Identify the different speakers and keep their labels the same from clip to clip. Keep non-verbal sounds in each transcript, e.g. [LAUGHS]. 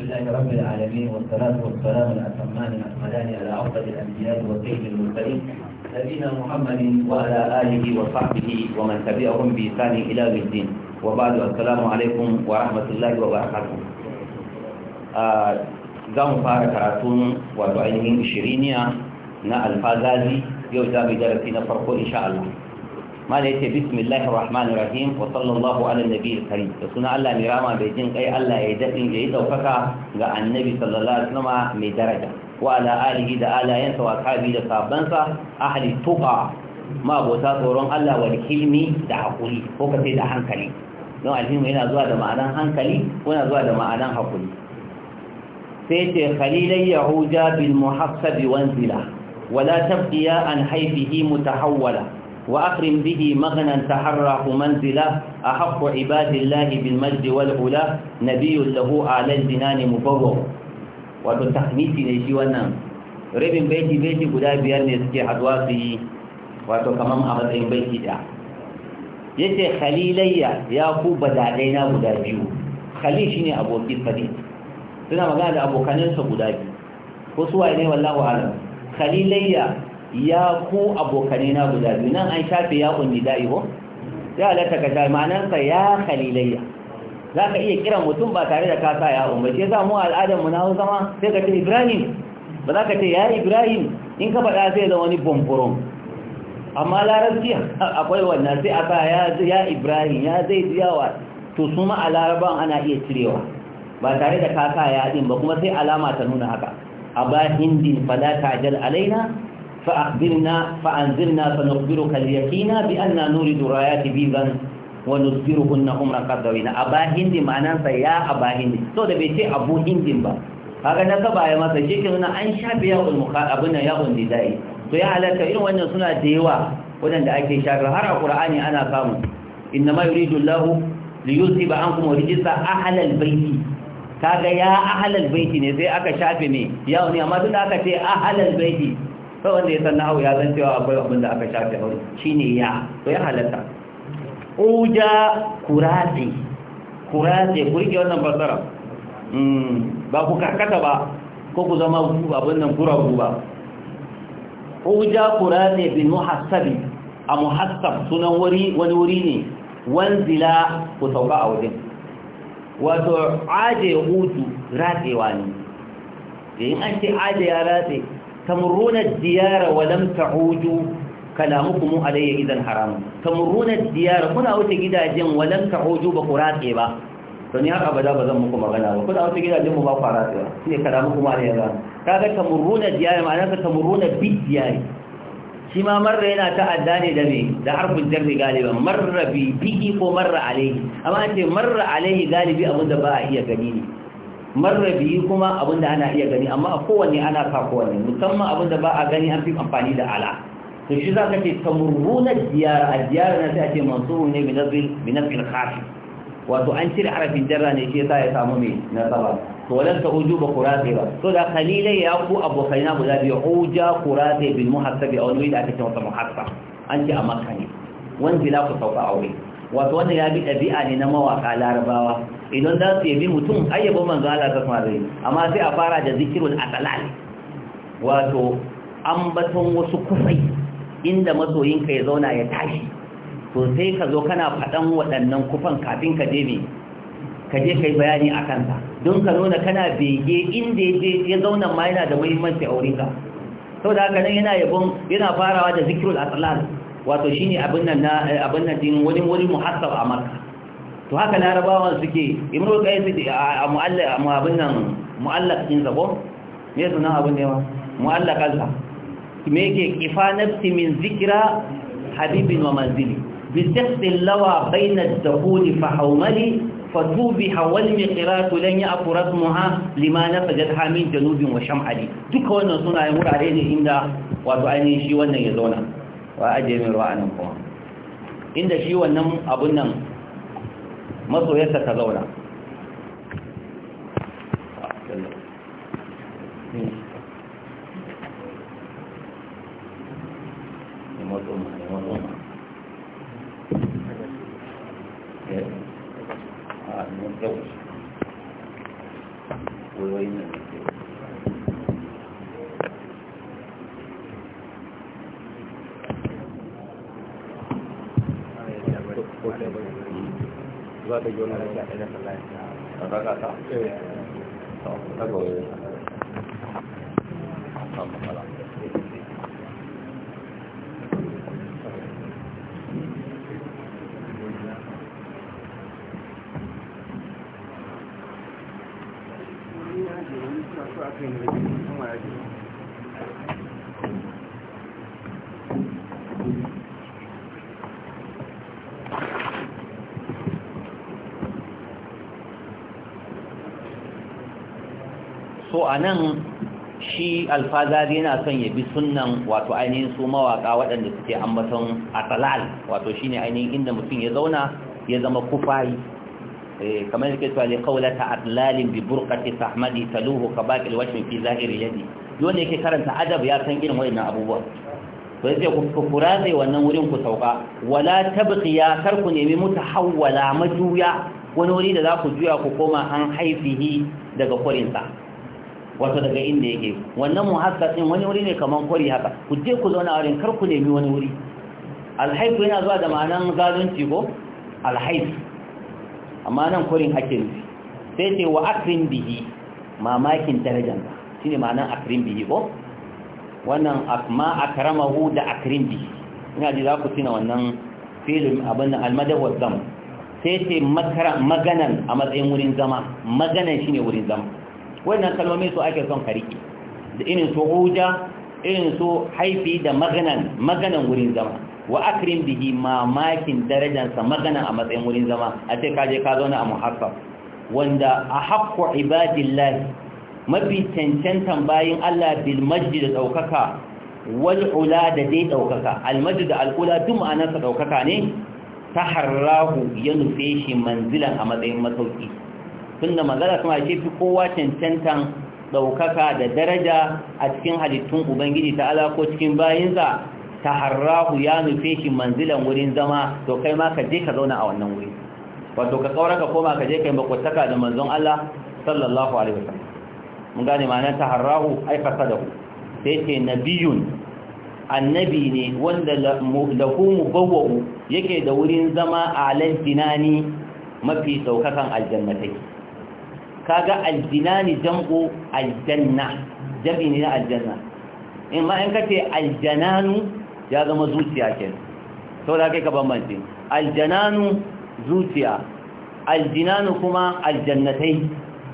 Speaker 1: لله رب العالمين والصلاة والسلام الأتمان الأكملان على أفضل الأنبياء والسيد المرسلين نبينا محمد وعلى آله وصحبه ومن تبعهم بإحسان إلى يوم الدين وبعد السلام عليكم ورحمة الله وبركاته za mu fara karatun wato ainihin shiriniya na alfazazi yau za mu darasi na farko insha Allah mana ya ce bismillah ar-rahman ar-rahim wa sallallahu da suna Allah ne rama bai jin kai Allah ya dadin ya yi ɗaukaka ga annabi sallallahu alaihi wasallam mai daraja wa ala da alayan sa wa kabi da sabansa ahli tu'a ma tsoron Allah wa hikmi da hakuri ko ka da hankali don alhimu yana zuwa da ma'anan hankali ko zuwa da ma'anan hakuri sai ce khalilai yahuja bil muhassabi wanzila wala tabqiya an haifihi mutahawwala وأكرم به مغنا تحرق منزله أحق عباد الله بالمجد والعلا نبي له على الجنان مبوغ وتتحنيتي نشي wannan rabin baiti baiti guda biyar ne suke haduwa su yi wato kaman a matsayin baiti da yace khalilayya ya ku badadai guda biyu khali shine aboki fadi suna magana da abokanansa guda biyu ko su ne khalilayya ya ku abokane na guda biyu nan an shafe ya kunni da'i ko sai halatta ka ta sa ya khalilayya. za ka iya kiran mutum ba tare da ka sa ya umar ce za mu mu na hau sama? sai ka ce ibrahim ba za ka ce ya ibrahim in ka faɗa sai da wani bamburon amma larabci [LAUGHS] akwai wannan sai a sa ya ibrahim ya zai ziyawa to su ma a laraban ana iya cirewa ba tare da ka sa ya ɗin ba kuma sai alama ta nuna haka a ba hindin fada ta jal alaina فأخبرنا فأنزلنا فنخبرك اليقين بأننا نورد رايات بيضا ونصبرهن عمرا قد دوينا أبا هند معناه يا أبا هند سو ده بيتي أبو هند با kaga da gaba ya masa shi kin an shafe ya ul abin ya ul nidai to ya halarta irin wannan suna da yawa wadanda ake shafe har a qur'ani ana samu inna ma yuridu an li yusiba ankum rijsa ahlal baiti kaga ya ahlal baiti ne sai aka shafe ne ya ne amma duk aka ce ahlal baiti sai wanda ya san nahawu ya san cewa akwai abin da aka shafe hau ne ya to ya halatta Oja kurazi kurazi ku rike wannan fasara hmm, ba ku karkata ba ko ku zama abin nan kurabu ba oja kurazi bin muhassabi a muhassab sunan wani wuri ne wanzila ku sauka a wajen wato aje hutu ratsewa ne yayin eh, an ce aje ya ratse tamurruna diyara wa lam ta'udu kalamukum alayya idan haram tamurruna diyara kuna wuce gidajen wa lam ta'udu ba ku ba don ya abada ba muku magana ba kuna wuce gidajen mu ba ku ratse ba shine kalamukum alayya idan kaga tamurruna diyara ma'ana tamuruna tamurruna bidiyari shi ma marra yana ta'adda ne da me da harfin jarri galiban marra bi biki ko marra alaihi amma an ce marra alaihi galibi abinda ba a iya gani ne marar biyu kuma abinda ana iya gani amma a kowanne ana sa kowanne musamman abinda ba a gani an fi amfani da ala to shi za ka ce tamurruna diyara a diyara na sai a ce mansuru ne binafil khafi wato an cire harafin jarra ne shi yasa ya samu mai nasaba to walan ta uju ba kurate ba to da kalilai ya ku abokaina guda biyu uja kurate bil muhassabi a wani da ake ce masa muhassa an ce a makka ne wanzila ku sauka aure wato wanda ya bi ɗabi'a ne na mawaƙa larabawa idan za su yabi mutum ayyaba manzo Allah ta kuma zai amma sai a fara da zikirul atalal wato ambaton wasu kusai inda masoyinka ya zauna ya tashi to sai ka zo kana faɗan waɗannan kufan kafin ka je ka je kai bayani a kansa don ka nuna kana bege inda ya je ya zauna ma yana da muhimmanci a wurinka sau da haka nan yana yabon yana farawa da zikirul atlal wato shine abin nan eh, abin nan din wani wani muhassab a makka to haka larabawa suke ibn qayyim a mu'allaq abin nan mu'allaq din zabo me sunan abin ne ma mu'allaq alha me yake ifa nafsi min zikra habibin wa manzili fa hawmali fa dubi hawal miqrat lan ya'furat muha lima nafajat hamin janubin wa sham'ali duka wannan suna yi murare ne inda wato ainihin shi wannan ya zauna wa ajemin ruwa nan kuma inda shi wannan abun nan masoyarsa ta zauna Thank you. za ta gona da shi a ɗaya ya ta raka ta? ta goyi ta Thank you. a nan shi alfazari yana son ya bi sunan wato ainihin su mawaka waɗanda suke ambaton atalal wato shine ainihin inda mutum ya zauna ya zama kufayi eh, kamar yake cewa liqaulata atlalin bi burqati sahmadi taluhu kabaqil wajhi fi zahiri yadi dole yake karanta adab ya san irin wayannan abubuwa to yace ku kuratse wannan wurin ku sauka wala tabqiya kar ku nemi mutahawwala majuya wani wuri da za ku juya ku koma an haifihi daga kurinsa wato daga inda yake wannan muhaskas wani wuri ne kamar kwari haka ku je ku zauna wurin kar ku nemi wani wuri alhaifu yana zuwa da ma'anan zalunci ko alhaifu amma nan kwarin ake nufi sai ce wa akrin bihi mamakin darajan ba shine ma'anan akrin bihi ko wannan ma akramahu da akrin bihi ina ji za ku tuna wannan filin abin almadar wa zama sai ce maganan a matsayin wurin zama maganan shine wurin zama wannan kalmomi su ake son ka da irin su huja irin su haifi da maganan maganan wurin zama wa akrim bihi mamakin darajansa maganan a matsayin wurin zama a ce kaje ka a muhaffaf wanda a haƙƙo ibadillahi mafi cancantan bayan Allah bil majdi da ɗaukaka wal ula da dai ɗaukaka al da al ula duk ma'anarsa ɗaukaka ne ta harrahu ya nufe shi manzilan a matsayin masauki tun da manzala kuma shi fi kowa cancantan ɗaukaka da daraja a cikin halittun ubangiji ta ala ko cikin bayinsa ta harrahu ya nufe shi manzilan wurin zama to kai ma ka je ka zauna a wannan wuri wato ka tsaura ka koma ka je kai makwataka da manzon Allah sallallahu alaihi wasallam mun gane ma'anar ta harrahu ai fasadahu sai ce nabiyun annabi ne wanda lahu mubawwa'u yake da wurin zama a lantinani mafi saukakan aljannatai kaga aljinani jam'u aljanna jam'i ne na aljanna in ma in kace aljananu ya zama zuciya kenan saboda kai ka bambance aljananu zuciya aljinanu kuma aljannatai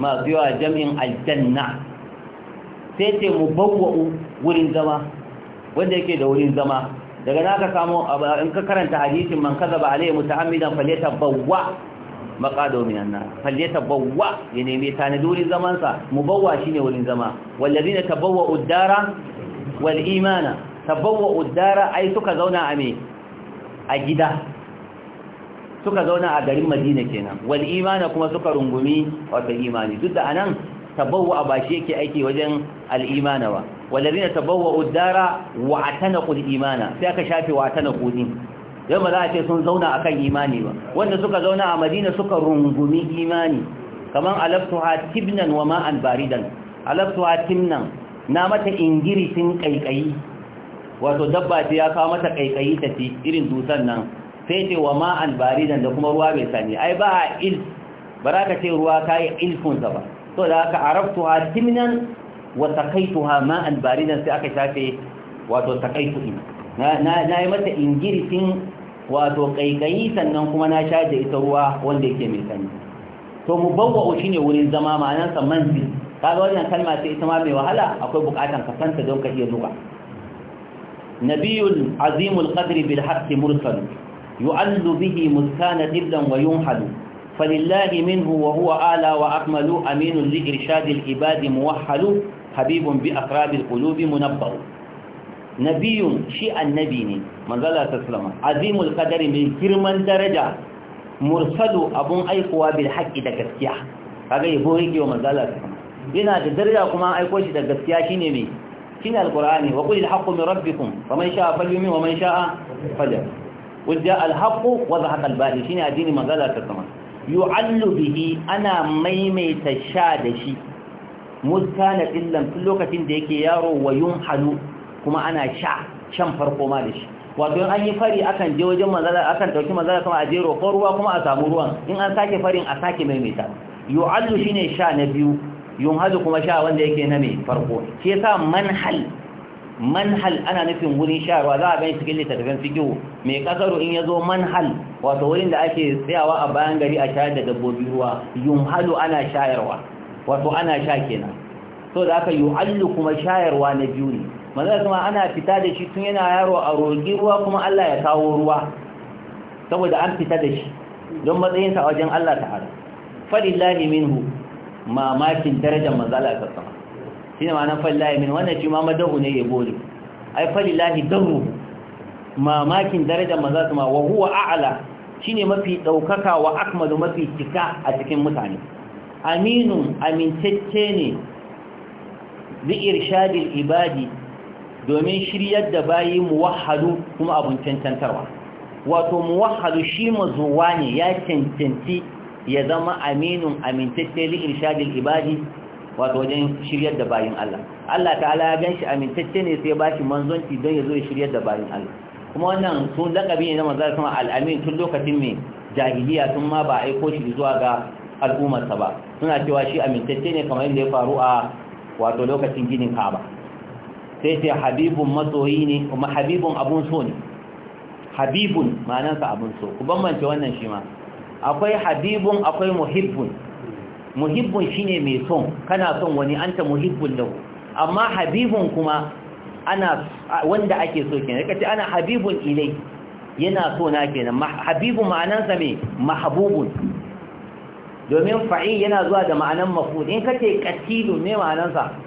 Speaker 1: masu yawa jam'in aljanna sai ce mu bawwa'u wurin zama wanda yake da wurin zama daga naka samu in ka karanta hadisin man kaza ba alaihi muta'ammidan falyatabawwa maqado minan nar falyatabawwa ya nemi tanadi wurin zaman sa shi ne wurin zama walladina tabawwa uddara wal imana tabawwa uddara ai suka zauna a me a gida suka zauna a garin Madina kenan wal imana kuma suka rungumi wata imani duk da anan tabawwa ba shi yake aiki wajen al imana ba walladina tabawwa uddara wa atanaqu al imana sai aka shafe wa atanaqu din yau ba za a ce sun zauna akan imani ba wanda suka zauna a madina suka rungumi imani kamar alaftuha tibnan wa ma'an baridan alaftuha timnan na mata ingirisin kaikayi wato dabba ce ya kawo mata kaikayi ta fi irin dusan nan sai ce wa ma'an baridan da kuma ruwa mai sani ai ba a il ba za ka ce ruwa ka yi ilfunsa ba so da aka araftuha timnan wa takaituha ma'an baridan sai aka shafe wato takaitu na yi mata ingirisin wato kaikayi sannan kuma na sha da ita ruwa wanda yake mai sanyi to mubawwa'u shine wurin zama ma'anar sa manzil kaga wannan kalma sai ita ma mai wahala akwai bukatan ka santa don ka iya zuba nabiyul azimul qadri bil haqqi mursal yu'allu bihi muskana dibdan wa yunhalu فلله منه وهو أعلى وأكمل أمين لإرشاد العباد موحل حبيب بأقراب القلوب Munabbau. nabiyun shi annabi ne manzala sallama azimul qadari mai girman daraja mursalu abun aikowa bil haqqi da gaskiya kaga yabo yake wa manzala sallama yana da daraja kuma aiko shi da gaskiya shine mai shine alqur'ani wa qulil haqqu min rabbikum faman sha'a falyumin wa man sha'a falyar qul ja'a al haqqu wa zahaqa al batil shine addini manzala sallama yu'allu bihi ana maimaita sha da shi mudkana illan tun lokacin da yake yaro wa yunhalu kuma ana sha shan farko ma da shi wato in an yi fari akan je wajen manzala akan dauki manzala kuma a je roƙon ruwa kuma a samu ruwan in an sake farin a sake maimaita yu'allu shine sha na biyu yunhadu kuma sha wanda yake na mai farko shi yasa manhal manhal ana nufin wurin shayarwa za a gani cikin littattafan fikihu mai kasaro in ya zo manhal wato wurin da ake tsayawa a bayan gari a shayar da dabbobi ruwa yunhalu ana shayarwa wato ana sha kenan so da aka yu'allu kuma shayarwa na biyu ne manzan kuma ana fita da shi tun yana yaro a roƙi ruwa kuma Allah ya kawo ruwa saboda an fita da shi don matsayinsa a wajen Allah ta'ala falillahi minhu mamakin darajar manzala ta sama shi ne ma'anar falillahi min wannan shi ma madahu ne ya bori ai falillahi daru mamakin darajar manzala sama wa huwa a'ala shine mafi ɗaukaka wa akmalu mafi cika a cikin mutane Aminu amintacce ne bi irshadil ibadi domin shiryar da bayi muwahhalu kuma abun cancantarwa wato muwahhalu shi mazuwa ne ya cancanci ya zama aminun amintacce li irshadil ibadi wato wajen shiryar da bayin Allah Allah ta'ala ya ganshi amintacce ne sai ba bashi manzonci don ya zo ya shiryar da bayin Allah kuma wannan sun lakabi ne na manzon sama al-amin tun lokacin mai jahiliya tun ma ba aiko shi zuwa ga al'ummarsa ba suna cewa shi amintacce ne kamar yadda ya faru a wato lokacin ginin Ka'aba sai ce habibun matsoyi ne kuma habibun abun so ne habibun ma'anansa abun so ku bambance wannan shi ma akwai habibun akwai muhibbun muhibbun shine mai son kana son wani an ta muhibbun da amma habibun kuma ana wanda ake so kenan kace ana habibun ilai yana so na kenan habibun ma'anansa mai mahbubun domin fa'il yana zuwa da ma'anan maf'ul in kace qatilu ne ma'anansa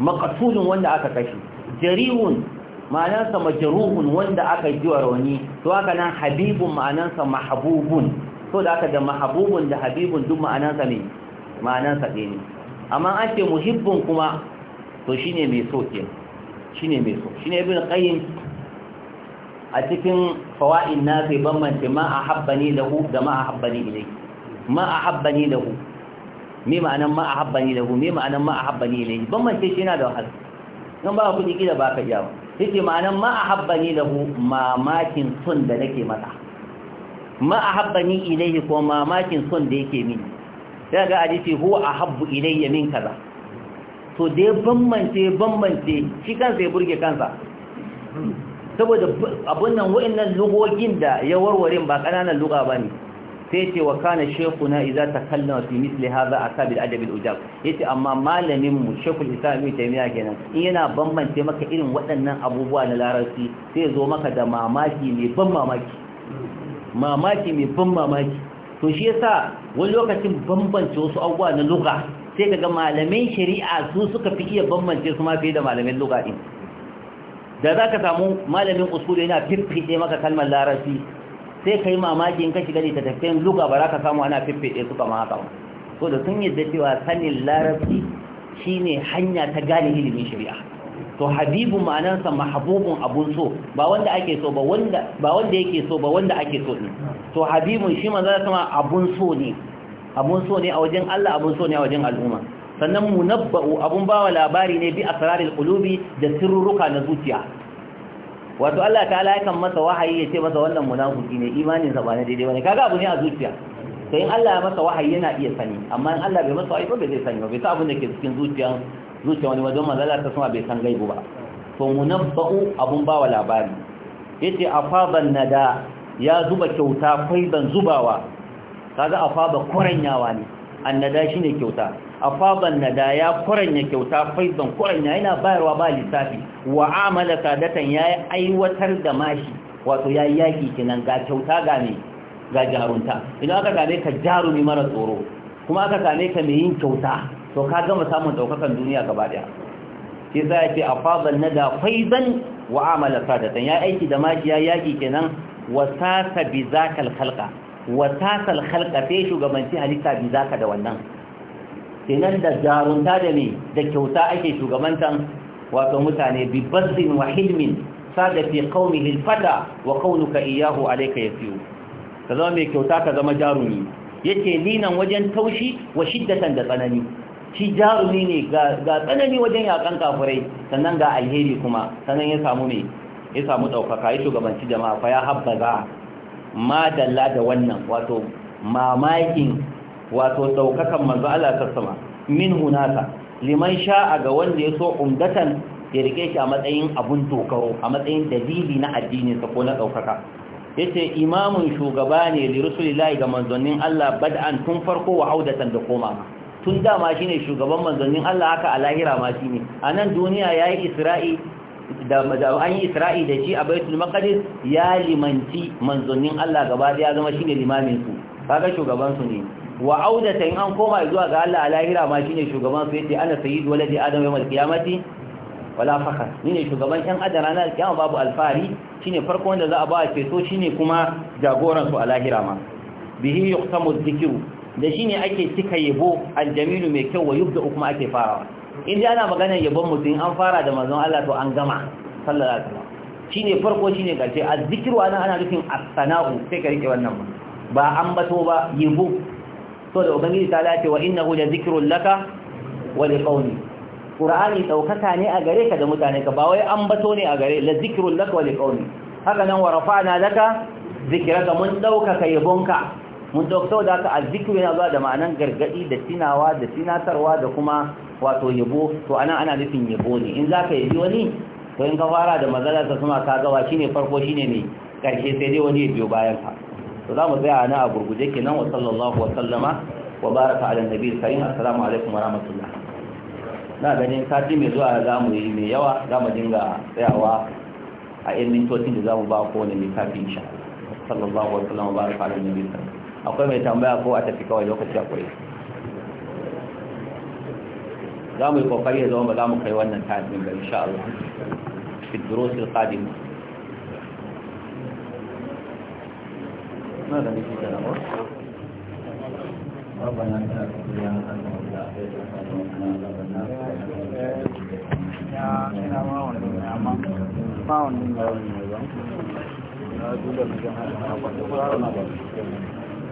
Speaker 1: maqtulun wanda aka kashe jarihun ma'anansa Majaruhun wanda aka jiwa rauni to haka nan habibun ma'anansa mahbubun to da aka da mahbubun da habibun duk ma'anansa ne ma'anansa ɗaya ne amma an ce muhibbun kuma to shine mai so ke shine mai so shine ibn qayyim a cikin fawaid na sai bambance ma ahabbani lahu da da ma a ahabbani ilayhi ma a da lahu me ma'anan ma a da lahu me ma'anan ma a ahabbani ban bambance shi yana da wahala Nan ba kuɗi kila ba ka iya ba yake ma'anan ma a da lahu mamakin son da nake masa ma a habbani ilaihi ko mamakin son da yake mini sai ga a huwa ahabbu ya min kaza to dai bambance bambance shi kansa ya burge kansa saboda abun nan wa'annan lugogin da ya warware ba ƙananan luga ne. sai ce wa kana shekuna idza takallama fi misli hadha a al-adab al-ujab ce amma malaminmu shekul islam ibn taymiya kenan in yana bambance maka irin waɗannan abubuwa na larabci sai zo maka da mamaki mai ban mamaki mamaki mai ban mamaki to shi yasa wani lokacin bambance wasu abubuwa na lugha sai kaga malamin shari'a su suka fi iya bambance su ma fiye da malamin lugha din da ka samu malamin usuli yana fiffide maka kalmar larabci sai ka yi mamaki in ka shiga da tattafiyan luga ba za ka samu ana fiffeɗe suka ma haka so da sun yadda cewa sanin larabci shine hanya ta gane ilimin shari'a to habibu ma'anarsa mahabubun abun so ba wanda ake so ba wanda ba wanda yake so ba wanda ake so ne to habibun shi manzo sama abun so ne abun so ne a wajen Allah abun so ne a wajen al'umma sannan munabba'u abun bawa labari ne bi asrarul qulubi da sirruka na zuciya wato Allah ta'ala ya kan masa wahayi ya ce masa wannan munafiki ne imanin sa ba na daidai bane kaga abu ne a zuciya to in Allah ya masa wahayi yana iya sani amma in Allah bai masa wahayi ba bai sani ba bai sa abin da ke cikin zuciya zuciya wani wajen manzo Allah ta sama bai san gaibu ba to munabba'u abun ba wa labari yace afaban nada ya zuba kyauta kai ban zubawa kaga afaba koranyawa ne annada shi ne kyauta afaban nada ya kuranya kyauta faizan kuranya yana bayarwa ba lissafi wa amala sadatan ya aiwatar da mashi wato ya yi yaƙi kinan ga kyauta ga me ga jarunta idan aka same ka jarumi mara tsoro kuma aka same ka mai yin kyauta to ka gama samun ɗaukakan duniya gaba ɗaya? sai za ya ce afaban nada faizan wa amala sadatan ya aiki da mashi yayi yaki kenan wasa bi zakal khalqa watasal halka shugabanci halitta bi zaka da wannan kenan da jarunta da ne da kyauta ake shugabantan wato mutane bi bazzin wa hilmin sada fi qaumihi alfata wa qawluka alaika alayka yasiu ka zama mai kyauta ka zama jarumi yake ninan wajen taushi wa shiddatan da tsanani shi jarumi ne ga tsanani wajen yakan kafurai sannan ga alheri kuma sannan ya samu ne ya samu ɗaukaka ya shugabanci jama'a fa ya habbaza madalla da wannan wato mamakin wato daukakan manzo Allah sassama min hunaka liman sha'a ga wanda ya so umdatan ya rike shi a matsayin abun tokaro a matsayin dalili na addini sa ko na daukaka yace imamun shugaba ne li rasulillahi ga manzonin Allah bad'an tun farko wa audatan da koma tun dama shine shugaban manzonin Allah haka a lahira ma shine anan duniya yayi isra'i da an yi isra'i da shi a baitul maqdis ya limanci manzonin Allah gaba ya zama shine limamin su kaga shugaban su ne wa audata in an koma zuwa ga Allah a lahira ma shine shugaban su yace ana sayyidu waladi adam yawmal qiyamati wala fakhar ne shugaban yan adam ranar kiyama babu alfari shine farko wanda za a ba ceto shine kuma jagoran su a lahira ma bihi yuqtamu dhikru da shine ake cika yabo aljamilu mai kyau wa yubda kuma ake farawa in ji ana maganar yabon mutum an fara da mazan Allah to an gama sallallahu alaihi wasallam shine farko shine karshe azzikiru anan ana nufin as-sana'u sai ka rike wannan ba an bato ba yabo to da ubangiji ta lati wa innahu la zikrun laka wa li qawmi qur'ani daukaka ne a gare ka da mutane ka ba wai an bato ne a gare la zikrun laka wa li qawmi haka nan wa rafa'na laka zikraka mun daukaka yabonka mun dauka da haka azzikiru yana zuwa da ma'anan gargadi da tinawa da tinatarwa da kuma wato yabo to anan ana nufin yabo ne in za zaka yabi wani to in ka fara da magana ta kuma ka gawa shine farko shine ne mai karshe sai dai wani ya biyo bayan ka to za mu tsaya na a gurguje kenan wa sallallahu wa sallama wa baraka ala nabiyil karim assalamu alaikum wa rahmatullah na ganin sati mai zuwa za mu yi mai yawa za mu dinga tsayawa a yan mintocin da za mu ba kowane mai kafin insha sallallahu wa sallama wa baraka ala nabiyil karim akwai mai tambaya ko a tafi kawai lokaci akwai za mu yi kokari ya zama ba za mu kai wannan tafiyin ba insha Allah fi durusil qadim ماذا نجد له ربنا يا